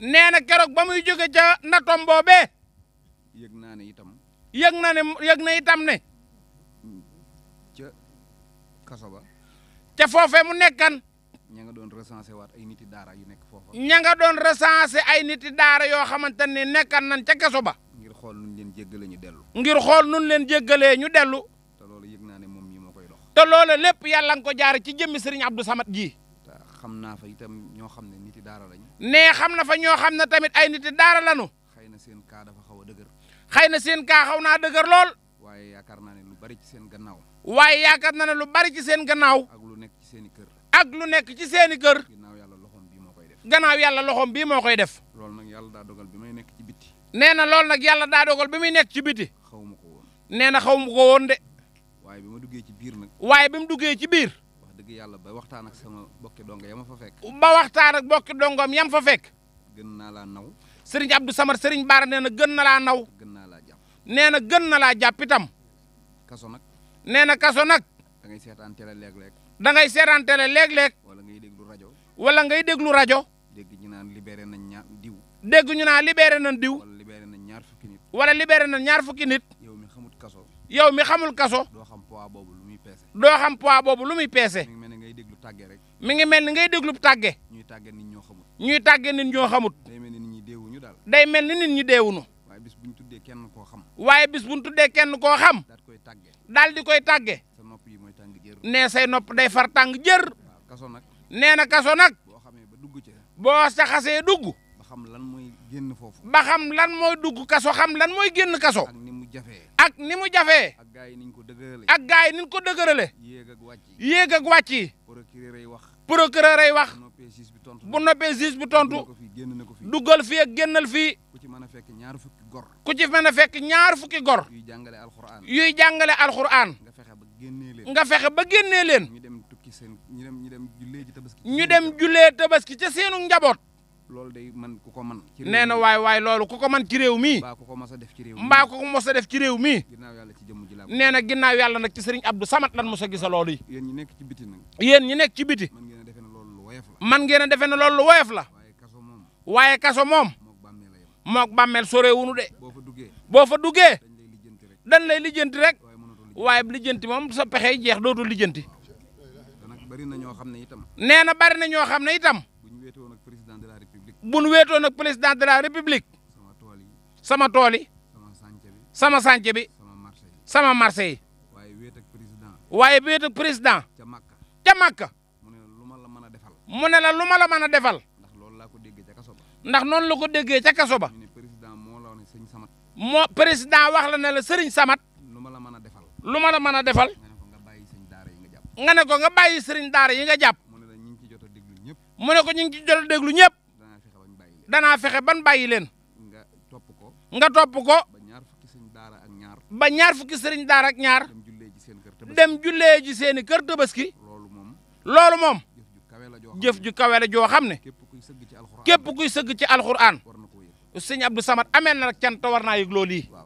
nee na keroog ba muy jóge ca natom boobee. yëg naa ne itam. yëg na ne yëg na itam ne. ca kaso ba. ca foofee mu nekkan. ña nga doon recensé waat ay niti daara yu nekk foofa. ña nga doon recensé ay niti daara yoo xamante ne nekkan nañ ca kaso ba. ngir xool nuñ leen jéggalee ñu dellu. ngir xool nuñ leen jéggalee ñu dellu. te loolu yëg naa ne moom mii koy dox. te loolu lépp yàlla nga ko jaar ci jëmmi sëriñ Abdou Samad ji. xam naa fa itam ñoo xam ne niti daara lañ. nee xam na fa ñoo xam na tamit ay niti daara lañu. xëy na seen kaa dafa xaw a dëgër. xëy na seen kaa xaw naa dëgër lool. waaye yaakaar naa ne lu bari ci seen gannaaw. waaye yaakaar naa ne lu bari ci seen gannaaw. ak lu nekk ci seen i kër. ak lu nekk ci seen i kër. gannaaw yàlla loxoom bii moo koy def. gannaaw yàlla loxoom bii moo koy def. loolu nag yàlla daa dogal bi muy nekk ci biti. nee na loolu nag yàlla daa dogal bi muy nekk ci biti. xaw ma ko nee na xaw ma ko de. waaye bi duggee ci biir nag. dëgg yàlla ba waxtaan ak sama bokki dongo yam fa fekk. ba waxtaan ak bokki dongoom yam fa fekk. gën naa laa naw. Serigne Abdou Samar Serigne Baara nee na gën na laa naw. gën naa laa jàpp nee na gën na laa jàpp itam. kaso nag. nee na kaso nag. da ngay seetaan télé léeg-léeg. da ngay seetaan télé léeg-léeg. wala ngay déglu rajo. wala ngay déglu rajo. dégg ñu naan libéré nañ ña diw. dégg ñu naan libéré na diw. wala libéré nañ ñaar fukki nit. wala ñaar fukki nit. yow mi xamul kaso. yow mi xamul kaso. doo xam poids boobu lu muy peese. peese. tàgge rek. mi ngi mel ni ngay déglu tàgge. ñuy tàgge nit ñoo xamut. ñuy tàgge nit ñoo xamut. day mel ni nit ñi deewuñu daal. day mel ni nit ñi deewuñu. waaye bis bu ñu tuddee kenn koo xam. waaye bis bu ñu tuddee kenn koo xam. daal di koy tàgge. daal di koy tàgge. sa nopp yi mooy tàng jër. nee say nopp day far tàng jër. waaw kaso nag. nee na kaso nag. boo xamee ba dugg ca. boo sa xasee dugg. ba xam lan mooy génn foofu. ba xam lan mooy dugg kaso xam lan mooy génn kaso. ak ni mu jafee. ak gaay yi niñ ko dëgërale. ak gaay yi niñ ko dëgërale. yéeg ak wàcc yéeg ak wàcc yi. procureur ay wax. procureur ay wax. bu noppee juge bi tontu bu noppee juge bi tontu. duggal fii ak génnal fi ku ci mën a fekk ñaar fukki gor. ku ci mën a fekk ñaar fukki gor. yuy jàngale alxuraan. yuy jàngale alxuraan. nga fexe ba génnee leen. nga fexe ba génnee leen. ñu dem tukki seen ñu dem ñu dem jullee tabaski. ñu dem jullee tabaski ca seenu njaboot. loolu day man ku ko man nee na waay waay loolu ko ko man ci réew mi mbaa ku ko mos a def ci réew mi ko mos a def ci réew mi ginnaaw yàlla ci jëmm ji la nee na ginnaaw yàlla samat ci sëriñ Abdou Samad lan mos a gisa loolu yi yéen ñi nekk ci biti nag yéen ñi nekk ci biti man ngeen a defee ne loolu lu woyof la man ngeen a defee ne loolu lu woyof la waaye kaso moom mook bàmmeel sore wunu de boo fa duggee dañ lay lijjanti rek waaye lijjanti moom sa pexe jeex dootul lijjanti nee na bari na ñoo xam ne itam bu ñu wéete woon ak de la république bu nu weetoon ak président de la république sama tool yi sama sànce bi sama marché yi waaye wéet ak président ca Makka mu ne la lu ma la mën a defal mu ne la lu ma la mën a defal ndax loolu laa ko déggee ca kaso ba ndax noonu la ko déggee ca kaso ba moo président wax la ne la sëriñ Samat lu ma la mën a defal lu ma la mën a defal nga ne ko nga bàyyi sëriñ daara yi nga jàpp mu ne ko ñu ngi ci jot a déglu ñëpp danaa fexe ban bàyyi leen. nga topp ko. nga topp ko. ba ñaar fukki sëriñ daara ak ñaar. ba ñaar fukki sëriñ daara ak ñaar. dem jullee ji seen kër tabaski. dem jullee ji seen kër tabaski. loolu moom. loolu moom. jëf ju kawe la joo xam ne. képp kuy sëgg ci alxuraan képp kuy sëgg ci alxuraan. sëñ Abdou samat amee na rek cant war naa yëg loolu yi.